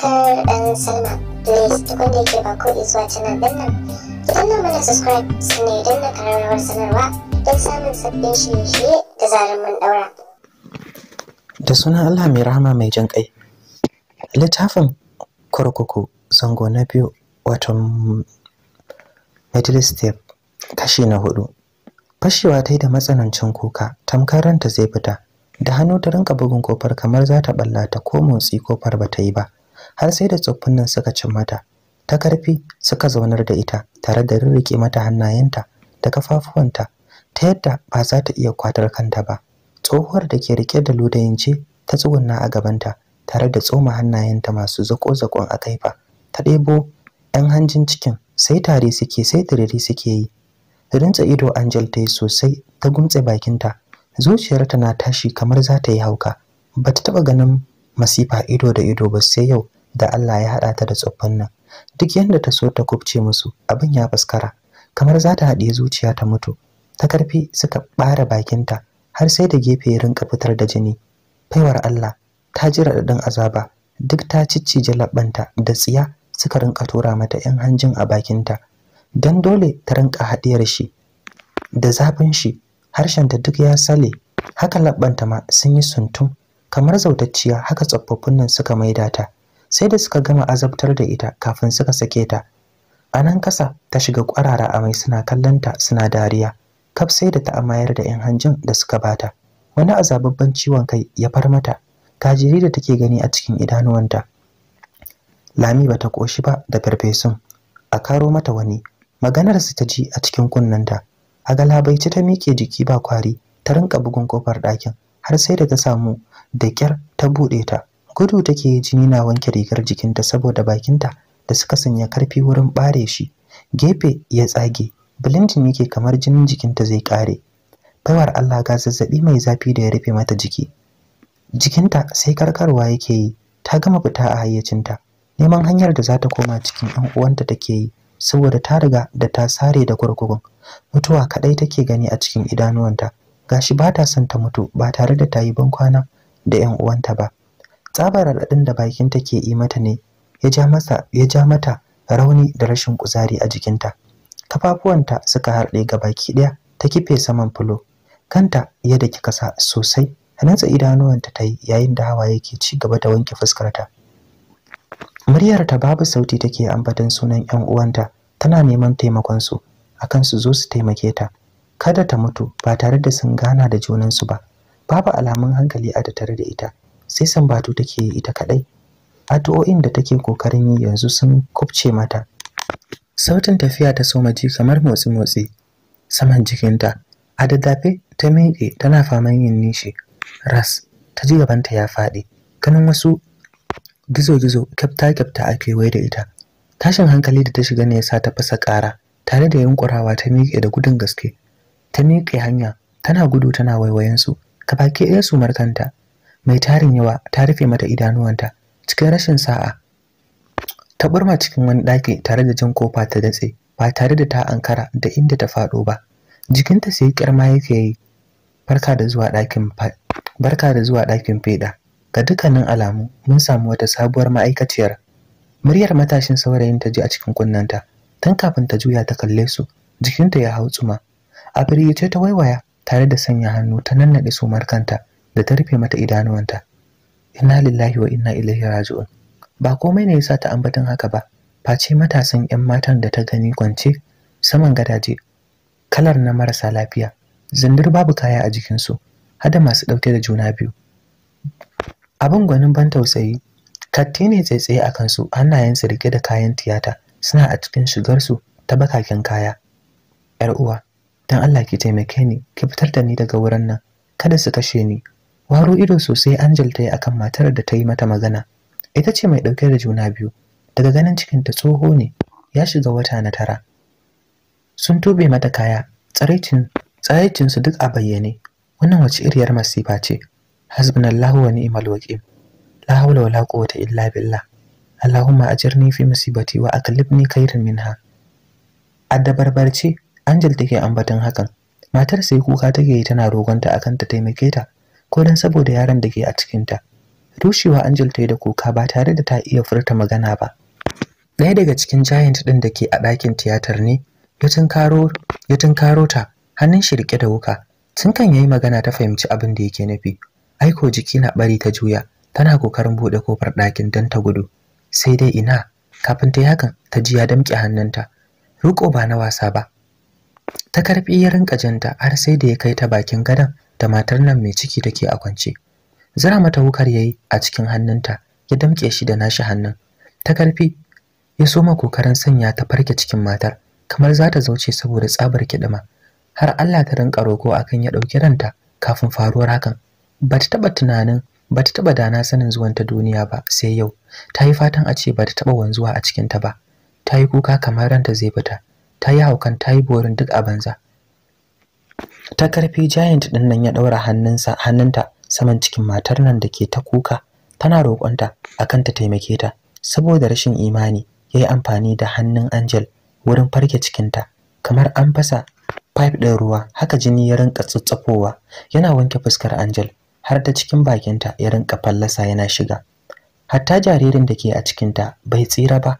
subscribe and sign up. Please tukun da yake ba ko zuwa canal din nan. Ki danna mana subscribe sannan idan na kararrawar sanarwa don samun sabbin shirye-shirye da zarar mun daura. Da sunan Allah mai rahama mai jan kai. Littafin kurkuku zango na biyu wato middle step kashi na hudu. Fashewa ta yi da matsanancin kuka tamkaranta zai fita da hannu ta rinka bugun kofar kamar za ta balla ta ko motsi kofar ba ta yi ba har sai da tsoffin nan suka cin mata ta karfi suka zaunar da ita tare da rirrike mata hannayenta da kafafuwanta ta yadda ba za ta iya kwatar kanta ba tsohuwar da ke rike da ludayin ce ta tsugunna a gabanta tare da tsoma hannayenta masu zako-zakon a kaifa ta ɗebo 'yan hanjin cikin sai tare suke sai turiri suke yi rinta ido angel ta yi sosai ta gumtse bakinta zuciyarta na tashi kamar za ta yi hauka ba ta taɓa ganin masifa ido da ido ba sai yau da Allah ya haɗa ta da tsoffin nan duk yadda ta so ta kubce musu abin ya faskara kamar za ta haɗe zuciya ta mutu ta karfi suka ɓare bakinta har sai da gefe ya rinka fitar da jini faiwar Allah ta ji raɗaɗin azaba duk ta ciccije labbanta da tsiya suka rinka tura mata 'yan hanjin a bakinta dan dole ta rinka haɗiyar shi da zafin shi harshenta duk ya sale haka labbanta ma sun yi suntum kamar zautacciya haka tsofaffin nan suka maida ta sai da suka gama azabtar da ita kafin suka sake ta anan kasa ta shiga kwarara a mai suna kallonta suna dariya kaf sai da ta amayar da 'yan hanjin da suka bata wani azababban ciwon kai ya far mata kajiri da take gani a cikin idanuwanta lami bata koshi ba da farfesun a karo mata wani maganar su ta ji a cikin kunnanta a galabaici ta miƙe jiki ba kwari ta rinka bugun kofar ɗakin har sai da ta samu da ƙyar ta buɗe ta gudu take jini na wanke rigar jikinta saboda bakinta da suka sanya karfi wurin ɓare shi gefe ya tsage bilinjin yake kamar jinin jikinta zai kare baiwar Allah ga zazzabi mai zafi da ya rufe mata jiki jikinta sai karkarwa yake yi ta gama fita a hayyacinta neman hanyar da za ta koma cikin ɗan uwanta take yi saboda ta riga da ta sare da kurkukun mutuwa kadai take gani a cikin idanuwanta gashi ba ta son ta mutu ba tare da ta yi bankwana da 'yan uwanta ba tsabar raɗaɗin da bakin take yi mata ne ya ja masa ya ja mata rauni da rashin kuzari a jikinta kafafuwanta suka harɗe ga baki ɗaya ta kife saman fulo kanta ya daki kasa sosai rantsa idanuwanta ta yi yayin da hawa yake ci gaba da wanke fuskarta muryar ta babu sauti take ambaton sunan 'yan uwanta tana neman taimakon su akan su zo su taimake ta kada ta mutu ba tare da sun gana da junansu ba babu alamun hankali a da tare da ita sai sambatu take yi ita kadai addu'o'in da take kokarin yi yanzu sun kubce mata sautin tafiya ta soma ji kamar motsi motsi saman jikinta a daddafe ta miƙe tana faman yin nishi ras ta ji gabanta ya faɗi ganin wasu gizo-gizo kyafta-kyafta a kewaye da ita tashin hankali da ta shiga ne ya sa ta fasa ƙara tare da yunkurawa ta miƙe da gudun gaske ta miƙe hanya tana gudu tana waiwayensu ka baki ɗaya su markanta mai tarin yawa ta rufe mata idanuwanta cikin rashin sa'a ta burma cikin wani ɗaki tare da jan kofa ta datse ba tare da ta ankara da inda ta faɗo ba jikinta sai kyarma yake yi barka da zuwa ɗakin barka da zuwa ɗakin feɗa ga dukkanin alamu mun samu wata sabuwar ma'aikaciyar muryar matashin saurayin ta ji a cikin kunnanta tun kafin ta juya ta kalle su jikinta ya hau tsuma a firgice ta waiwaya tare da sanya hannu ta nannaɗe sumar kanta da ta rufe mata idanuwanta inna lillahi wa inna ilaihi raji'un ba komai ne yasa ta ambaton haka ba face matasan 'yan matan da ta gani kwance saman gadaje kalar na marasa lafiya zindir babu kaya a jikinsu hada masu ɗauke da juna biyu abin gwanin ban tausayi katti ne tsaitsaye a kansu hannayensu rike da kayan tiyata suna a cikin shigarsu ta bakakin kaya yar uwa don Allah ki taimake ni ki fitar da ni daga wurin nan kada su kashe ni waro ido sosai Angel ta yi akan matar da ta yi mata magana ita ce mai ɗauke da juna biyu daga ganin cikin ta tsoho ne ya shiga wata na tara sun tube mata kaya tsaraicin su duk a bayyane wannan wace iriyar masifa ce hasbunallahu wa ni'mal wakil la hawla wala quwwata illa billah allahumma ajirni fi musibati wa aqlibni khayran minha a dabarbarce Angel take ambaton hakan matar sai kuka take yi tana rogonta akan ta taimake ta ko dan saboda yaran da ke a cikin ta rushewa Angel ta yi da kuka ba tare da ta iya furta magana ba ɗaya daga cikin giant ɗin da ke a ɗakin tiyatar ne ya tunkaro ta hannun shi rike da wuka tun kan yayi magana ta fahimci abin da yake nufi aiko jiki na bari ta juya tana kokarin bude kofar ɗakin don ta gudu sai dai ina kafin ta yi hakan ta ji ya damƙe hannunta Ruko ba na wasa ba ta karfi ya rinka janta har sai da ya kai ta bakin gadon da matar nan mai ciki take a kwance zira mata wukar yayi a cikin hannunta ya damƙe shi da nashi hannun ta karfi ya soma kokarin sanya ta farke cikin matar kamar za ta zauce saboda tsabar kidima har Allah ta rinka roko akan ya dauki ranta kafin faruwar hakan bata taba tunanin bata taba dana sanin zuwan ta duniya ba sai yau ta yi fatan a ce bata taba wanzuwa a cikin ta ba ta yi kuka kamar ranta zai fita ta yi haukan ta yi borin duk a banza ta karfi giant din nan ya daura hannunsa hannunta saman cikin matar nan da ke ta kuka tana roƙonta akan ta taimake ta saboda rashin imani ya yi amfani da hannun angel wurin farke cikinta kamar an fasa pipe ɗin ruwa haka jini ya rinka tsatsafowa yana wanke fuskar angel har ta cikin bakinta ya rinka fallasa yana shiga hatta jaririn da ke a cikinta bai tsira ba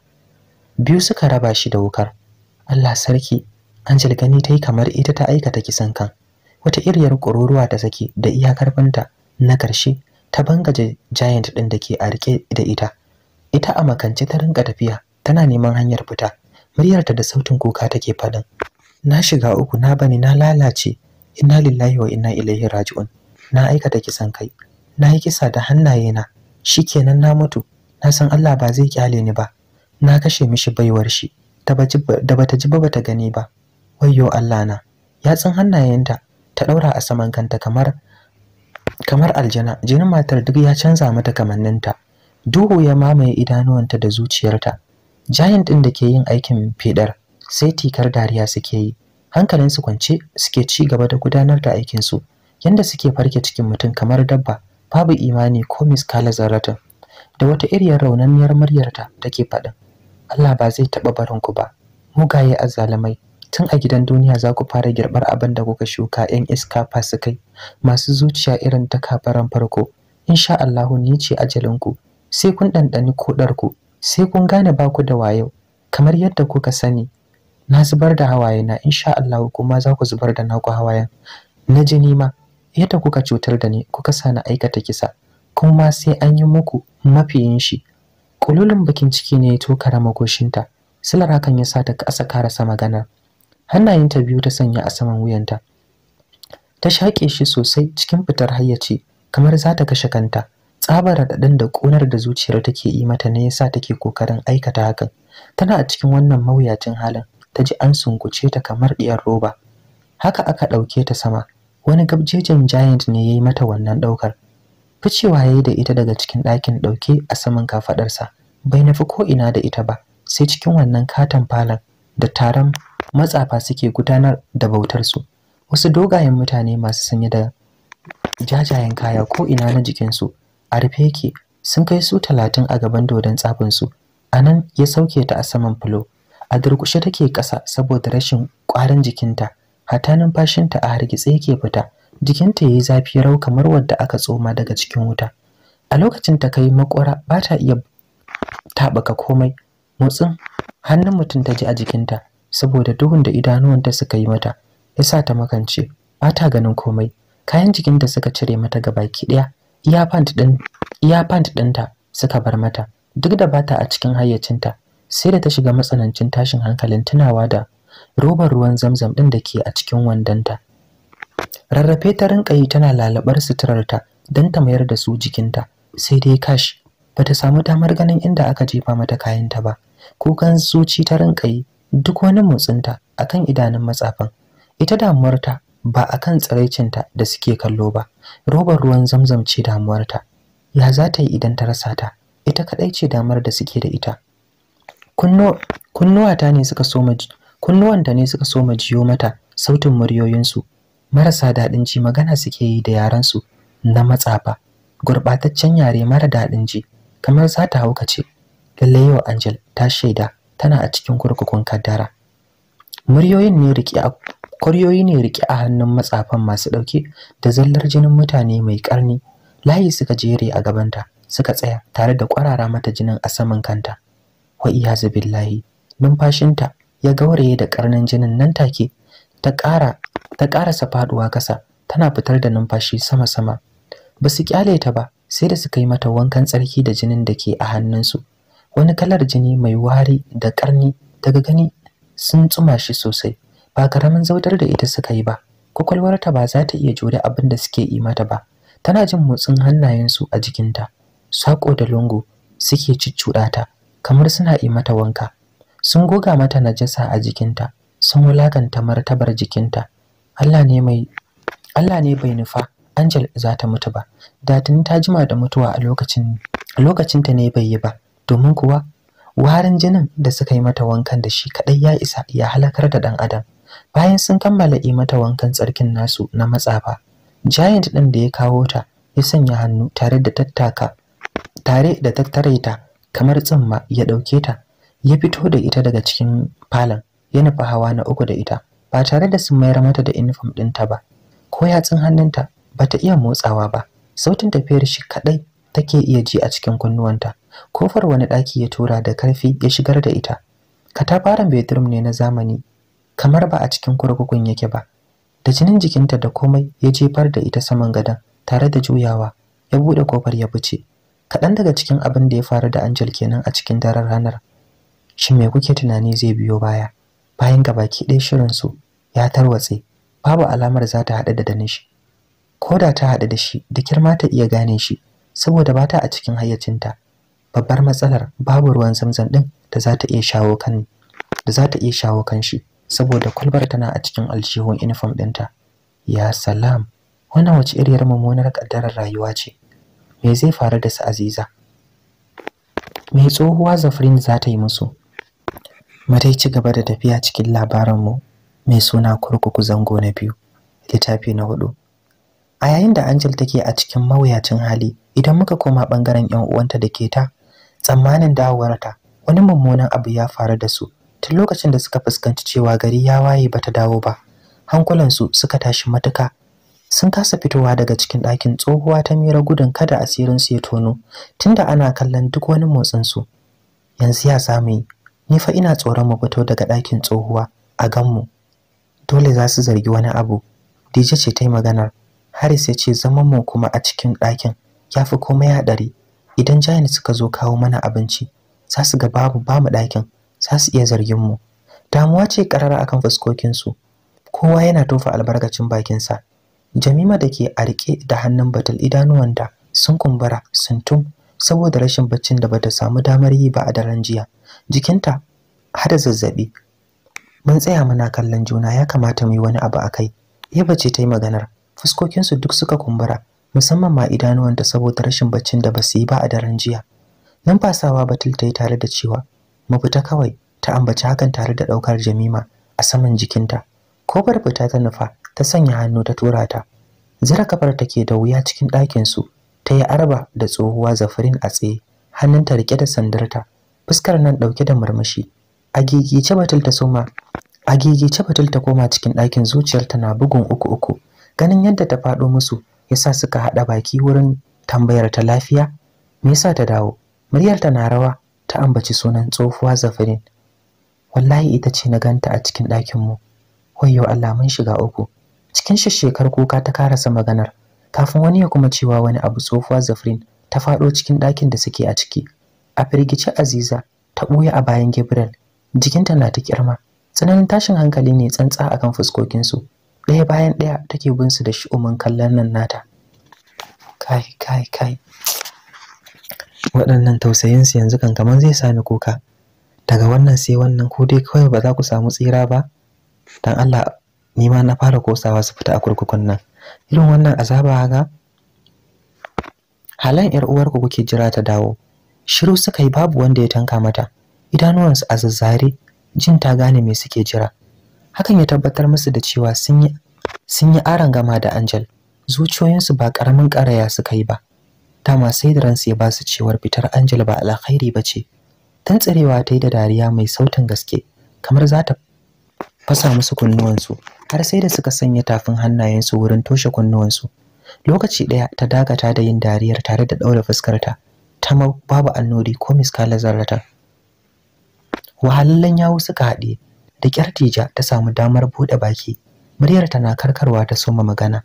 biyu suka raba shi da wukar Allah sarki Angel gani ta kamar ita ta aikata kisan kan wata iriyar ƙururuwa ta sake da iyakar banta na karshe ta bangaje giant ɗin da ke a rike da ita ita a makance ta rinka tafiya tana neman hanyar fita muryarta da sautin kuka take faɗin na shiga uku na bani na lalace inna lillahi wa inna ilaihi raji'un na aikata kisan kai na yi kisa da hannaye Shi shikenan na mutu na san Allah ba zai kyale ni ba na kashe mishi baiwar shi da bata ji ba bata gani ba wayyo Allah na yatsun hannayenta ta daura a saman kanta kamar kamar aljana jinin matar duk ya canza mata kamanninta duhu ya mamaye idanuwanta da zuciyarta giant din da ke yin aikin fedar sai tikar dariya suke yi hankalin su kwance suke ci gaba da gudanar da aikin su yanda suke farke cikin mutum kamar dabba babu imani ko miskala zarratin da wata iriyar raunanniyar muryarta take faɗin Allah ba zai taɓa barin ku ba mugaye azzalumai tun a gidan duniya za ku fara girbar abin da kuka shuka yan iska kai. masu zuciya irin ta kafaran farko insha Allahu ni ce ajalinku sai kun ɗanɗani koɗarku sai kun gane ba ku da wayo kamar yadda kuka sani na zubar da hawaye na insha Allahu kuma za ku zubar da naku hawayen na ji ma yadda kuka cutar da ni kuka sa na aikata kisa kuma sai an yi muku mafiyin shi kululun bakin ciki ne ya tokara makoshinta silar hakan ya sa ta kasa karasa magana hannayenta biyu ta sanya a saman wuyanta ta shaƙe shi sosai cikin fitar hayyace kamar za ta kashe kanta tsabar raɗaɗin da ƙonar da zuciyar take yi mata ne ya yasa take ƙoƙarin aikata hakan tana a cikin wannan mawuyacin halin ta ji an sunkuce ta kamar ɗiyar roba haka aka ɗauke ta sama wani gabjejen giant ne ya yi mata wannan ɗaukar ficewa ya yi da ita daga cikin ɗakin ɗauke a saman kafaɗarsa bai nufi ko ina da ita ba sai cikin wannan katon falon da taron matsafa suke gudanar da bautarsu wasu dogayen mutane masu sanye da jajayen kaya ko'ina na jikinsu a rufe yake sun kai su talatin a gaban dodon tsafinsu a nan ya sauke ta a saman fulo a durkushe take ƙasa saboda rashin ƙwarin jikinta hata numfashinta a hargitse yake fita jikinta ya yi zafi rau kamar wadda aka tsoma daga cikin wuta a lokacin ta kai makwara ba ta iya taɓaka komai motsin hannun mutum ta ji a jikinta saboda duhun da idanuwanta suka yi mata ya sa ta makance ba ta ganin komai kayan jikinta suka cire mata gabaki ɗaya iya pant ɗinta suka bar mata duk da bata a cikin hayyacinta sai da ta shiga matsanancin tashin hankalin tunawa da robar ruwan zamzam ɗin da ke a cikin wandonta rarrafe ta rinka yi tana lalabar suturarta don ta mayar da su jikinta sai dai kash ba ta samu damar ganin inda aka jefa mata kayanta ba kukan zuci ta rinka yi duk wani motsinta a kan idanun matsafin ita damuwarta ba a kan tsiraicinta da suke kallo ba robar ruwan zamzam ce damuwarta ya za ta yi idan ta rasa ta ita kaɗai ce damar da suke da ita kunnuwata ne suka so kunnuwanta ne suka soma jiyo mata sautin muryoyinsu marasa daɗin ji magana suke yi da yarensu na matsafa gurɓataccen yare mara daɗin ji kamar za ta haukace lallai yau angel ta shaida tana a cikin kurkukun kaddara muryoyin ne a kwaryoyi ne rike a hannun matsafan masu ɗauke da zallar jinin mutane mai ƙarni layi suka jere a gabanta suka tsaya tare da kwarara mata jinin a saman kanta wa iyazu billahi numfashinta ya gauraye da ƙarnin jinin nan take ta ƙara ta karasa faduwa ƙasa, tana fitar da numfashi sama-sama ba su kyale ta ba sai da suka yi mata wankan tsarki da jinin da ke a hannunsu wani kalar jini mai wari da ƙarni daga gani sun tsuma shi sosai ba karamin zautar da ita suka yi ba kwakwalwarta ba za ta iya jure abin da suke yi mata ba tana jin motsin hannayensu a jikinta saƙo da lungu suke ciccuɗa ta kamar suna yi mata wanka sun goga mata najasa a jikinta sun wulakanta martabar jikinta Allah ne mai Allah ne bai nufa Angel za ta mutu ba da tuni ta jima da mutuwa a lokacin lokacin ta ne bai yi ba domin kuwa warin jinin da suka yi mata wankan da shi kadai ya isa ya halakar da dan adam bayan sun kammala yi mata wankan tsarkin nasu na matsafa giant din da ya kawo ta ya sanya hannu tare da tattaka tare da tattare ta kamar tsimma ya dauke ta ya fito da ita daga cikin falon ya nufi hawa na uku da ita ba tare da sun mayar mata da uniform ɗinta ba ko yatsun hannunta ba ta iya motsawa ba sautin tafiyar shi kaɗai take iya ji a cikin kunnuwanta kofar wani ɗaki ya tura da karfi ya shigar da ita katafaren bedroom ne na zamani kamar ba a cikin kurkukun yake ba da jinin jikinta da komai ya jefar da ita saman gadon tare da juyawa ya buɗe kofar ya fice kaɗan daga cikin abin da ya faru da Angel kenan a cikin daren ranar shin me kuke tunani zai biyo baya bayan gabaki ɗaya shirinsu ya tarwatse babu alamar za ta haɗu da shi ko da ta haɗu da shi da kirma ta iya gane shi saboda ba ta a cikin hayyacinta babbar matsalar babu ruwan zamzam ɗin da za ta iya shawo kan da za ta iya shawo kan shi saboda kwalbar tana a cikin aljihun uniform ɗinta ya salam wannan wace iriyar mummunar ƙaddarar rayuwa ce me zai faru da su aziza Mai tsohuwa zafrin za ta yi musu matai ci gaba da tafiya cikin labaranmu mai suna kurkuku zango na biyu littafi na hudu a yayin da Angel take a cikin mawuyacin hali idan muka koma ɓangaren yan uwanta da ke ta tsammanin dawowarta wani mummunan abu ya faru da su tun lokacin da suka fuskanci cewa gari ya waye ba ta dawo ba hankulansu suka tashi matuka sun kasa fitowa daga cikin ɗakin tsohuwa ta mira gudun kada asirin su ya tono tunda ana kallon duk wani motsinsu, yanzu ya samu ni fa ina tsoron mu fito daga ɗakin tsohuwa a ganmu dole za su zargi wani abu dije ce ta yi maganar haris ya ce zaman mu kuma a cikin ɗakin ya fi komai haɗari idan jayan suka zo kawo mana abinci za su ga babu ba mu ɗakin za su iya zargin mu damuwa ce karara akan fuskokinsu kowa yana tofa albarkacin bakinsa jamima da ke a riƙe da hannun batul idanuwanta sun kumbura sun tum saboda rashin baccin da bata samu damar yi ba a daren jiya jikinta har zazzabi mun tsaya muna kallon juna ya kamata mu yi wani abu akai yaba ce ta yi maganar fuskokinsu duk suka kumbura musamman ma idanuwanta saboda rashin baccin da ba su yi ba a daren jiya numfasawa batul ta yi tare da cewa mu fita kawai ta ambaci hakan tare da ɗaukar jamima a saman jikinta kofar fita ta nufa ta sanya hannu ta tura ta zira kafar take da wuya cikin ɗakinsu ta yi arba da tsohuwa zafirin a tsaye hannunta riƙe da sandarta fuskar nan ɗauke da murmushi a gigice batul ta soma a batul koma cikin ɗakin zuciyar ta na bugun uku uku ganin yadda ta faɗo musu yasa suka haɗa baki wurin tambayar ta lafiya me yasa ta dawo muryar ta na rawa ta ambaci sunan tsofuwa zafirin wallahi ita ce na ganta a cikin ɗakin mu wayyo Allah mun shiga uku cikin shekar kuka ta karasa maganar kafin wani ya kuma cewa wani abu tsofuwa zafirin ta faɗo cikin ɗakin da suke a ciki a firgice aziza ta ɓuya a bayan gabriel jikinta na ta kirma tsananin tashin hankali ne tsantsa akan fuskokinsu ɗaya bayan ɗaya take bin su da shi'umin kallon nan nata kai kai kai waɗannan tausayinsu yanzu kan kamar zai sami kuka daga wannan sai wannan ko dai kawai ba za ku samu tsira ba Don Allah ni ma na fara kosawa su fita a kurkukun nan irin wannan azaba haka halan yar uwarku kuke jira ta dawo shiru suka yi babu wanda ya tanka mata idanuwansu a zazzare jin ta gane me suke jira hakan ya tabbatar musu da cewa sun yi sun aron gama da Angel zuciyoyinsu ba karamin karaya suka yi ba dama sai da ransu ya ba su cewar fitar Angel ba alkhairi ba ce tsarewa ta yi da dariya mai sautin gaske kamar za ta fasa musu kunnuwansu har sai da suka sanya tafin hannayensu wurin toshe kunnuwansu lokaci ɗaya ta dagata da yin dariyar tare da ɗaure fuskarta tamau babu annori ko miskalar zarata Wahalallan yawo suka haɗe da kya'rtija ta samu damar buɗe baki muryar ta na karkarwa ta soma magana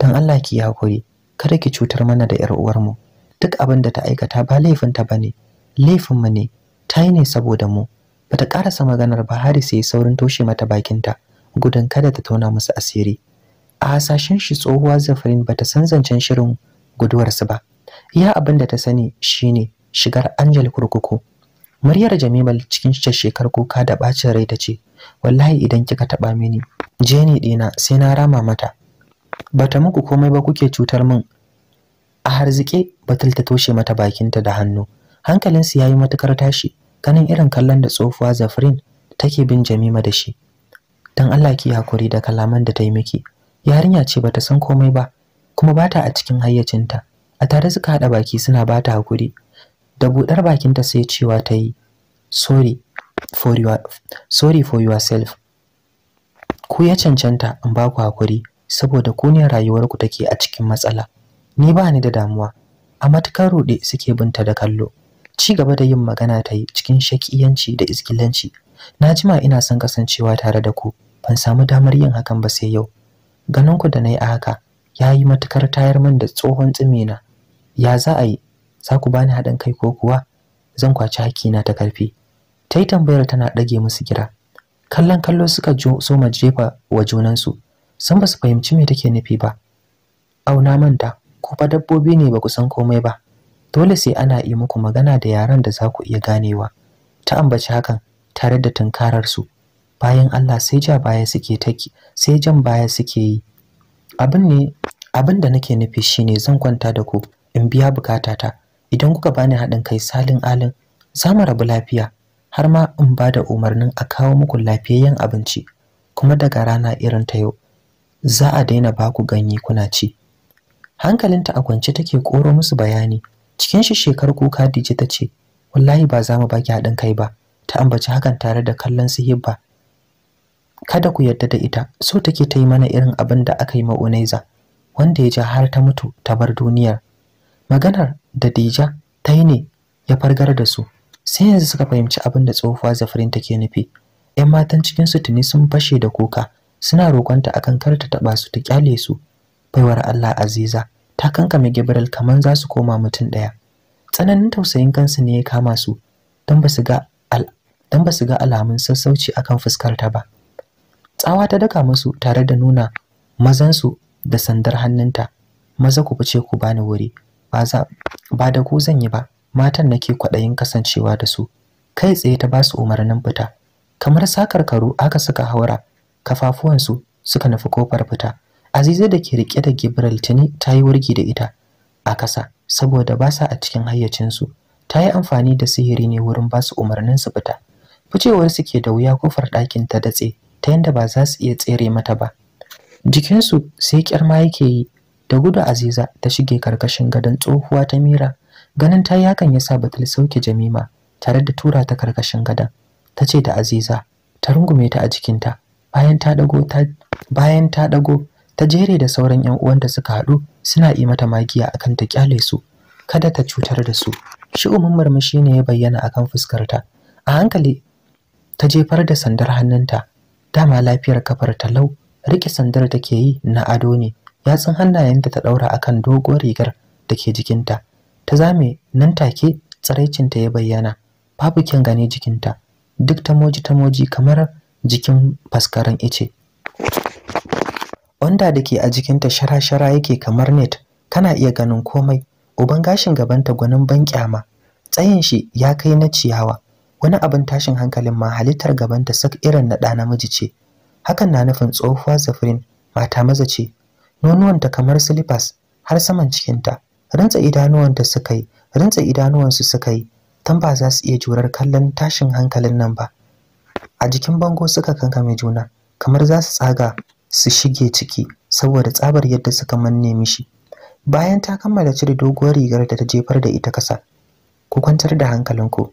don allah ki hakuri kada ki cutar mana da 'yar uwarmu duk abin da ta aikata ba laifinta ba ne laifinmu ne ta yi ne saboda mu bata ƙarasa maganar ba hari sai saurin toshe mata bakinta gudun kada ta tona musu asiri a hasashen shi tsohuwa zafirin bata san zancen shirin guduwarsu ba iya abin da ta sani shine shigar Angel kurkuku Muryar Jamimal cikin shekar kuka da bacin rai ta ce wallahi idan kika taba mini Je ni dina sai na rama mata bata muku komai ba kuke cutar min a harzike batul ta toshe mata bakinta da hannu hankalinsu yayi matukar tashi ganin irin kallon da tsofuwa Zafrin take bin Jamima da shi dan Allah ki hakuri da kalaman da ta yi miki yarinya ce bata san komai ba kuma bata a cikin hayyacinta a tare suka haɗa baki suna bata ta hakuri da buɗar bakinta sai cewa ta yi sorry for your sorry for yourself ku ya cancanta in ba ku hakuri saboda ku ne rayuwarku take a cikin matsala ni ba ni da damuwa a matukar ruɗe suke binta da kallo ci gaba da yin magana ta yi cikin shakiyanci da iskilanci na jima ina son kasancewa tare da ku ban samu damar yin hakan ba sai yau ganin ku da na yi a haka ya yi matukar tayar min da tsohon tsimina ya za a yi za ku bani haɗin kai ko kuwa zan kwaci hakina ta karfi ta yi tambayar tana ɗage musu gira kallon kallo suka soma jefa wa junansu sun ba su fahimci me take nufi ba auna manta ko fa dabbobi ne ba ku san komai ba dole sai ana yi muku magana da yaran da za ku iya ganewa ta ambaci hakan tare da tunkarar su bayan Allah sai ja baya suke take sai jan baya suke yi abin ne abin da nake nufi shine zan kwanta da ku in biya bukatata idan kuka bani haɗin kai salin alin za mu rabu lafiya har ma in ba da umarnin a kawo muku lafiyayyen abinci kuma daga rana irin ta yau za a daina ba ku ganye kuna ci hankalinta a kwance take koro musu bayani cikin shi shekar kuka dije ta ce wallahi ba za mu baki haɗin kai ba ta ambaci hakan tare da kallon su hibba kada ku yarda da ita so take ta yi mana irin abin da aka yi ma wanda ya ja har ta mutu ta bar duniyar maganar da Dija ta yi ne ya fargar da su sai yanzu suka fahimci abin da tsohuwa zafirin ke nufi yan matan cikin su tuni sun fashe da kuka suna roƙonta akan kar ta taɓa su ta kyale su baiwar Allah Aziza ta kankame Gibiral kamar za su koma mutum ɗaya tsananin tausayin kansu ne ya kama su don ba su ga alamun sassauci akan fuskar ta ba tsawa ta daka musu tare da nuna mazansu da sandar hannunta maza ku fice ku bani wuri ba ba da ku zan yi ba matan nake kwaɗayin kasancewa da su kai tsaye ta ba su umarnin fita kamar sakar karo aka suka haura kafafuwansu suka nufi kofar fita aziza da ke rike da Gibraltini tuni ta yi wurgi da ita a kasa saboda ba sa a cikin hayyacinsu ta yi amfani da sihiri ne wurin ba su umarnin su fita ficewar su ke da wuya kofar ɗakin ta datse ta yadda ba za su iya tsere mata ba jikinsu sai kyarma yake yi da gudu aziza ta shige karkashin gadon tsohuwa ta mira ganin ta yi hakan ya sa batul sauke jamima tare da tura ta karkashin gadon ta ce da aziza ta rungume ta a jikinta bayan ta dago ta jere da sauran yan uwanta suka haɗu suna yi mata magiya akan ta kyale su kada ta cutar da su shi umin murmushi ne ya bayyana akan fuskarta a hankali ta jefar da sandar hannunta dama lafiyar kafar ta lau rike sandar take yi na ado ne yatsun hannayenta ta ɗaura a kan doguwar rigar da ke jikinta ta zame nan take tsaraicinta ya bayyana babu kyan gane jikinta duk tamoji tamoji kamar jikin faskaren ice Wanda da ke a jikinta shara-shara yake kamar net kana iya ganin komai uban gashin gabanta gwanin ban kyama tsayin shi ya kai na ciyawa wani abin tashin hankalin ma halittar gabanta sak irin na ɗa namiji ce hakan na nufin tsohuwa zafirin mata maza ce nonuwanta kamar slippers har saman cikinta rantsa idanuwanta suka yi rantsa idanuwansu suka yi tan ba za su iya jurar kallon tashin hankalin nan ba a jikin bango suka kankame juna kamar za su tsaga su shige ciki saboda tsabar yadda suka manne mishi bayan ta kammala cire doguwar rigar da ta jefar da ita kasa ku kwantar da hankalinku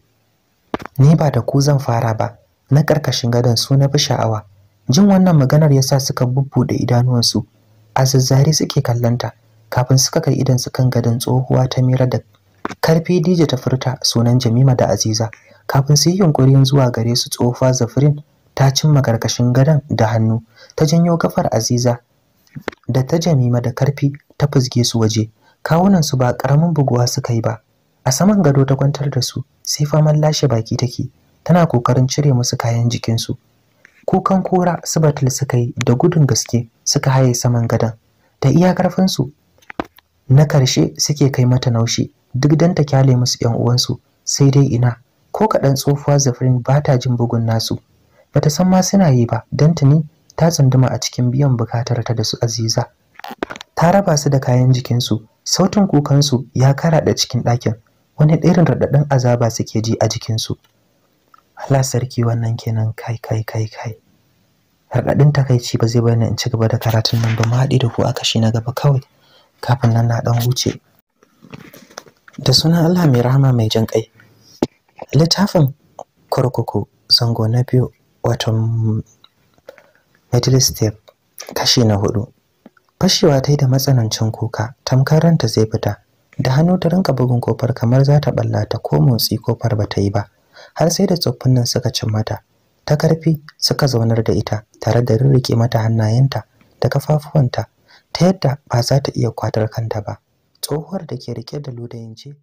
ni ba da ku zan fara ba na karkashin gadon su na fi sha'awa jin wannan maganar yasa suka bubbuɗe idanuwansu a zazzare suke kallonta kafin suka kai idan su kan gadon tsohuwa ta mira da karfi dije ta furta sunan jamima da aziza kafin su yi yunkurin zuwa gare su tsofa zafirin ta cimma karkashin gadon da hannu ta janyo kafar aziza da ta jamima da karfi ta fusge su waje kawunan su ba karamin buguwa suka yi ba a saman gado ta kwantar da su sai faman lashe baki take tana kokarin cire musu kayan jikinsu kukan kora su batul suka yi da gudun gaske suka haye saman gadon da iya karfinsu na karshe suke kai mata naushi duk dan ta kyale musu yan uwansu sai dai ina ko kaɗan tsofuwa zafirin ba ta jin bugun nasu bata san ma suna yi ba dan tuni ta tsunduma a cikin biyan bukatar ta da su aziza ta raba su da kayan jikinsu sautin kukansu ya karaɗa cikin ɗakin wani irin raɗaɗin azaba suke ji a jikinsu Allah sarki wannan kenan kai kai kai kai raɗaɗin takaici ba zai bani in ci gaba da karatun nan ba ma haɗe da ku a kashi na gaba kawai kafin nan na ɗan wuce. da sunan Allah mai rahama mai jan ƙai littafin kurkuku zango na biyu wato middle step kashi na hudu fashewa ta yi da matsanancin kuka tamkaranta zai fita da hannu ta rinka bugun kofar kamar za ta balla ta ko motsi kofar ba ta yi ba har sai da tsoffin nan suka cin mata ta karfi suka zaunar da ita tare da rirrike mata hannayenta da kafafuwanta ta yadda ba za ta iya kwatar kanta ba tsohuwar da ke rike da ludayin ce